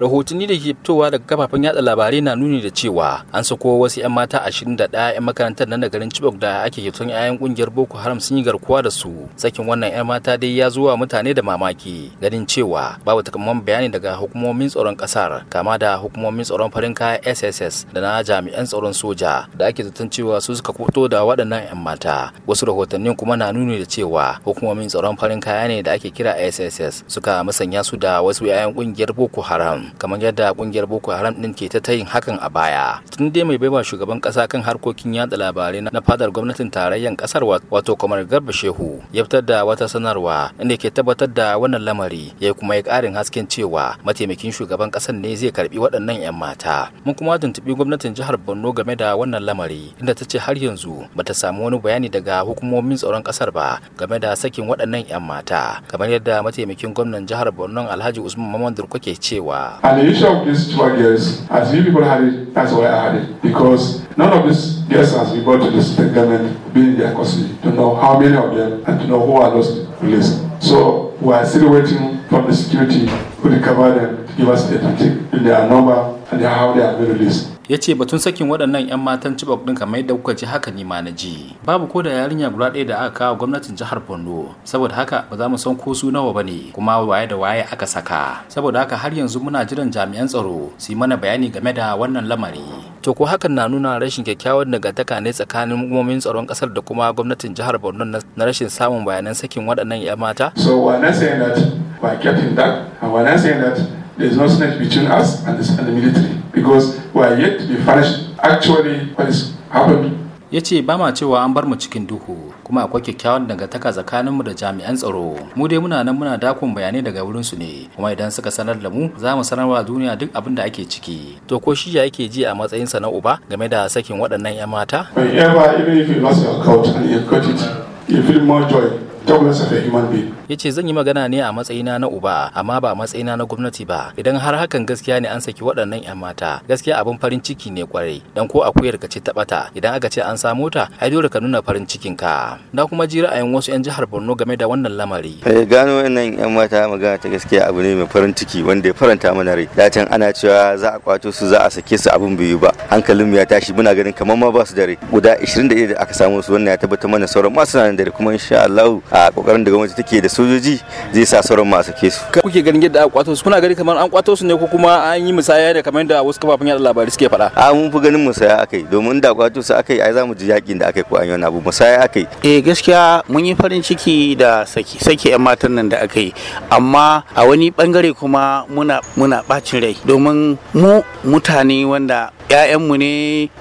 rahotanni da ke fitowa daga kafafen yada labarai na nuni da cewa an sako wasu 'yan mata 21 'yan makarantar nan da garin Chibok da ake hiton 'ya'yan kungiyar Boko Haram sun yi garkuwa da su. Sakin wannan 'yan mata dai ya zuwa mutane da mamaki ganin cewa babu takamaiman bayani daga hukumomin tsaron kasar kama da hukumomin tsaron farin kaya SSS da na jami'an tsaron soja da ake zaton cewa su suka fito da waɗannan 'yan mata. Wasu rahotannin kuma na nuni da cewa hukumomin tsaron farin kaya ne da ake kira SSS suka musanya su da wasu 'ya'yan kungiyar Boko Haram. kamar yadda kungiyar boko haram din ke ta yin hakan a baya tun dai mai baiwa shugaban kasa kan harkokin yada labarai na fadar gwamnatin tarayyan kasar wato kamar garba shehu ya fitar da wata sanarwa inda ke tabbatar da wannan lamari ya kuma ya karin hasken cewa mataimakin shugaban kasar ne zai karbi waɗannan 'yan mata mun kuma tuntubi gwamnatin jihar borno game da wannan lamari inda ta ce har yanzu bata samu wani bayani daga hukumomin tsaron kasar ba game da sakin waɗannan 'yan mata kamar yadda mataimakin gwamnan jihar borno alhaji usman maman durko ke cewa And the issue of these two girls, as you people had it, that's why I had it. Because none of these girls has been brought to this government being because their custody to know how many of them and to know who are those released. So we are still waiting from the security to recover them to give us a statistic in their number yace ya ce batun sakin waɗannan 'yan matan cibok ɗin kamar yadda kuka ji haka nima na ji babu ko da yarinya guda ɗaya da aka kawo gwamnatin jihar borno saboda haka ba za mu san ko su nawa ba ne kuma waye da waye aka saka saboda haka har yanzu muna jiran jami'an tsaro su mana bayani game da wannan lamari to ko hakan na nuna rashin kyakkyawan dangantaka ne tsakanin hukumomin tsaron kasar da kuma gwamnatin jihar borno na rashin samun bayanan sakin waɗannan 'yan mata so we're not that by getting that and we're not there is no synergy between us and the military because we are yet to be punished actually what has happened ya ce ba ma cewa an bar mu cikin duhu kuma akwai kyakkyawan dangantaka tsakaninmu da jami'an tsaro mu dai muna nan muna dakon bayanai daga wurin su ne kuma idan suka sanar da mu za mu wa duniya duk abin da ake ciki to ko shi ya yake ji a matsayin sa na uba game da sakin waɗannan 'yan mata whenever even if you lost your and you got it you feel more joy a ya ce zan yi magana ne a matsayina na uba amma ba matsayina na gwamnati ba idan har hakan gaskiya ne an saki waɗannan 'yan mata gaskiya abin farin ciki ne kwarai dan ko akwai ka ce ta idan aka ce an samu ta ai dole ka nuna farin cikin ka na kuma ji ra'ayin wasu 'yan jihar Borno game da wannan lamari eh gano wannan 'yan mata magana ta gaskiya abu ne mai farin ciki wanda ya faranta mana rai can ana cewa za a kwato su za a sake su abin biyu ba hankalin ya tashi muna ganin kamar ma ba su dare guda 21 da aka samu su wannan ya tabbatar mana sauran masu nan kuma insha Allah a kokarin da gwamnati take da sojoji zai sa sauran masu kesu kuke ganin yadda aka kwato su kuna gani kamar an kwato su ne ko kuma an yi musaya da kamar da wasu kafafen yada labarai suke faɗa a mun fi ganin musaya akai domin da kwato su akai ai zamu ji yakin da akai ko an yi wani abu musaya akai eh gaskiya mun yi farin ciki da saki saki yan matan nan da akai amma a wani bangare kuma muna muna bacin rai domin mu mutane wanda 'ya'yanmu ne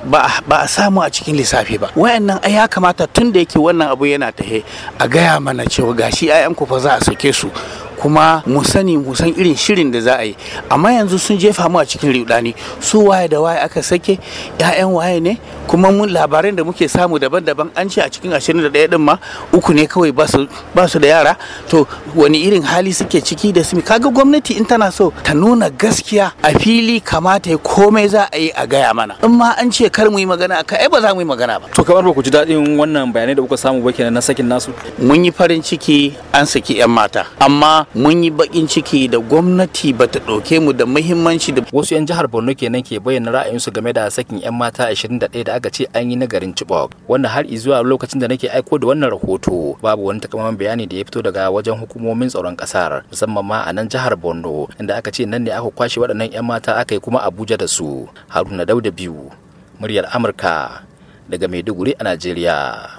ba a samu a cikin lissafi ba wayannan ai ya kamata tun da yake wannan abu yana tahe a gaya mana cewa gashi 'ya'yanku fa za a sake su kuma mu sani mu san irin shirin da za a yi amma yanzu sun jefa mu a cikin riudani su waye da waye aka sake Ya'yan waye ne kuma mun labaran da muke samu daban-daban an ce a cikin 21 din ma uku ne kawai ba su da yara to wani irin hali suke ciki da su kaga gwamnati in tana so ta nuna gaskiya a fili kamata ya komai za a yi a gaya mana in ma an ce kar mu yi magana akai ai ba za mu yi magana ba to kamar ba ku ji daɗin wannan bayanai da kuka samu ba kenan na sakin nasu mun yi farin ciki an saki 'yan mata amma mun yi bakin ciki da gwamnati ba ta ɗauke mu da muhimmanci da wasu 'yan jihar borno kenan ke bayyana su game da sakin 'yan mata 21 da aka ce an yi na garin chibok wanda har zuwa lokacin da nake aiko da wannan rahoto babu wani takamaiman bayani da ya fito daga wajen hukumomin tsaron kasar musamman ma a nan jihar borno inda aka ce nan ne aka kwashe waɗannan 'yan mata aka yi kuma abuja da su haruna dauda biyu muryar amurka daga maiduguri a najeriya